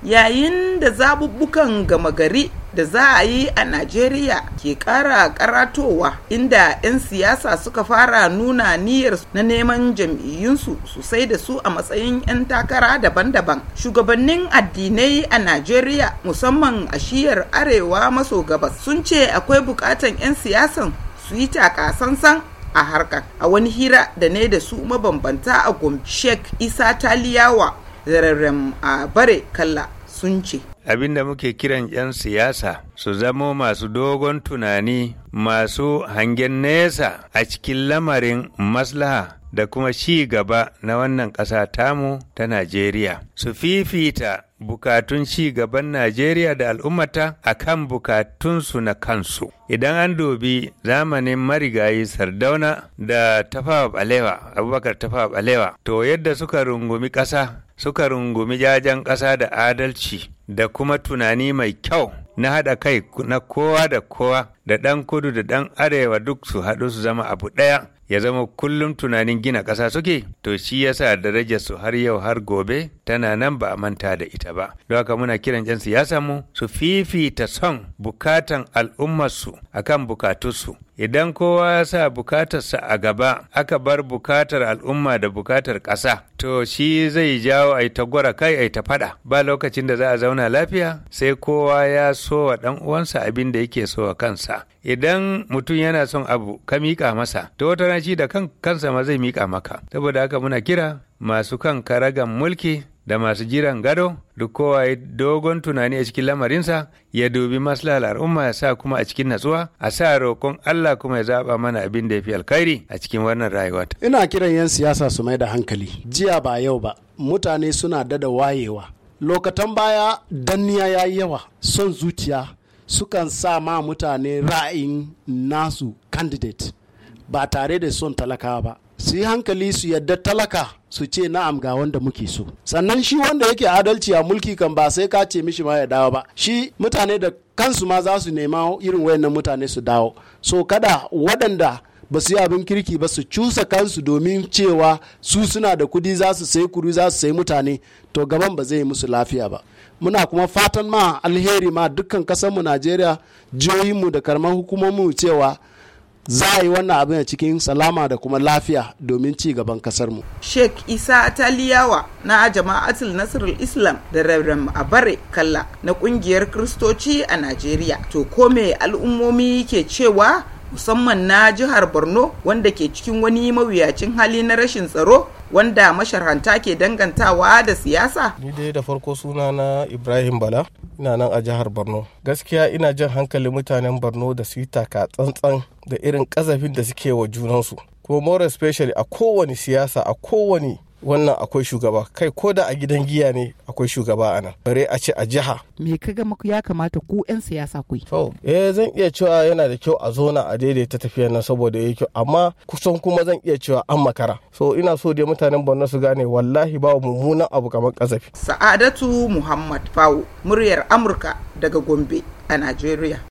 yayin da zabubbukan gama gari da za a yi a Najeriya ke ƙara karatowa inda 'yan siyasa suka fara nuna niyyar na neman jam'iyyunsu sosai da su a matsayin 'yan takara daban-daban. Shugabannin addinai a Najeriya musamman a shiyar arewa maso gabas sun ce akwai bukatan 'yan siyasan su yi takasansan a harkar. A wani hira da ne da su mabambanta a Gombe, Sheikh Isa Taliyawa zararren a bare kalla sun ce abin da muke kiran 'yan siyasa su zamo masu dogon tunani masu hangen nesa a cikin lamarin maslaha da kuma shi gaba na wannan ƙasa tamu ta Najeriya. Su fifita bukatun shi gaban Najeriya da al'ummata a kan bukatunsu na kansu. Idan an dobi zamanin marigayi Sardauna da Tafawa Balewa, Abubakar Tafawa Balewa, to yadda suka rungumi ƙasa suka rungumi jajen ƙasa da adalci da kuma tunani mai kyau na haɗa kai na kowa da kowa da ɗan kudu da ɗan arewa duk su haɗu su zama abu ɗaya ya zama kullum tunanin gina ƙasa suke to shi yasa daraja su har yau har gobe tana nan ba a manta da ita ba don haka muna kiran 'yan siyasa mu su fifita son bukatan al'ummarsu akan bukatunsu idan kowa ya sa bukatarsa a gaba aka bar bukatar al'umma da bukatar ƙasa to shi zai jawo a ta gwara kai a ta faɗa ba lokacin da za a zauna lafiya sai kowa ya so wa ɗan uwansa abin da yake so wa kansa idan mutum yana son abu ka miƙa masa to wata shi da kan kansa ma zai miƙa maka saboda haka muna kira masu kan karagan mulki da masu jiran gado duk kowa ya dogon tunani a cikin lamarinsa ya dubi maslahar al'umma ya sa kuma a cikin natsuwa a sa roƙon Allah kuma ya zaɓa mana abin da ya fi alkhairi a cikin wannan rayuwa. Ina kiran 'yan siyasa su mai da hankali jiya ba yau ba mutane suna dada wayewa lokatan baya danniya ya yi yawa son zuciya sukan sa ma mutane ra'ayin nasu candidate ba tare da son talakawa ba su yi hankali su yadda talaka su ce na'am ga wanda muke so sannan shi wanda yake adalci a mulki kan ba sai ka ce mishi ma ya dawo ba shi mutane da kansu ma za su nema irin wayannan mutane su dawo so kada waɗanda ba su yi abin kirki ba su cusa kansu domin cewa su suna da kudi za su sai kuri za su sai mutane to gaban ba zai yi musu lafiya ba muna kuma fatan ma alheri ma dukkan kasanmu najeriya jihohinmu da karamar hukumomin cewa za a yi wannan abin a cikin salama da kuma lafiya domin ci gaban kasar mu. Sheikh Isa taliyawa na Jama'atul Nasrul Islam da Reverend Abare Kalla na kungiyar Kristoci a Najeriya. To ko me al'ummomi ke cewa musamman na jihar borno wanda ke cikin wani mawuyacin hali na rashin tsaro wanda masharhanta ke dangantawa da siyasa ni dai da farko suna na ibrahim bala ina nan a jihar borno gaskiya ina jan hankalin mutanen borno da su yi taka tsantsan da irin kazafin da suke wa junansu kuma more especially a kowane siyasa a kowane wannan akwai shugaba kai ko da a gidan giya ne akwai shugaba a nan bare a ce a jiha me ka ga ya kamata ku yan siyasa ku to eh zan iya cewa yana da kyau a zona a daidaita tafiyar nan saboda yi kyau amma kusan kuma zan iya cewa an makara so ina so dai mutanen Borno su gane wallahi ba mummunan abu kamar kasafi sa'adatu muhammad fawo muryar amurka daga gombe a najeriya